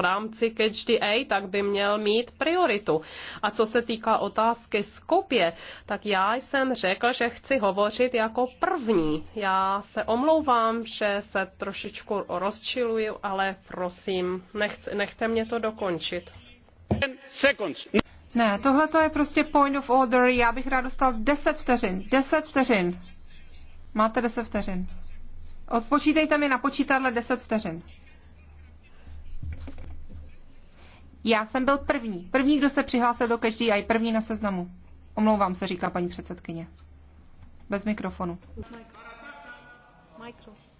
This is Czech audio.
v rámci Catch the A, tak by měl mít prioritu. A co se týká otázky Skopě, tak já jsem řekl, že chci hovořit jako první. Já se omlouvám, že se trošičku rozčiluju, ale prosím, nechce, nechte mě to dokončit. Ne, tohle to je prostě point of order. Já bych rád dostal 10 vteřin. 10 vteřin. Máte 10 vteřin. Odpočítejte mi na počítadle 10 vteřin. Já jsem byl první. První, kdo se přihlásil do každý a první na seznamu. Omlouvám se, říká paní předsedkyně. Bez mikrofonu. Mikro. Mikro.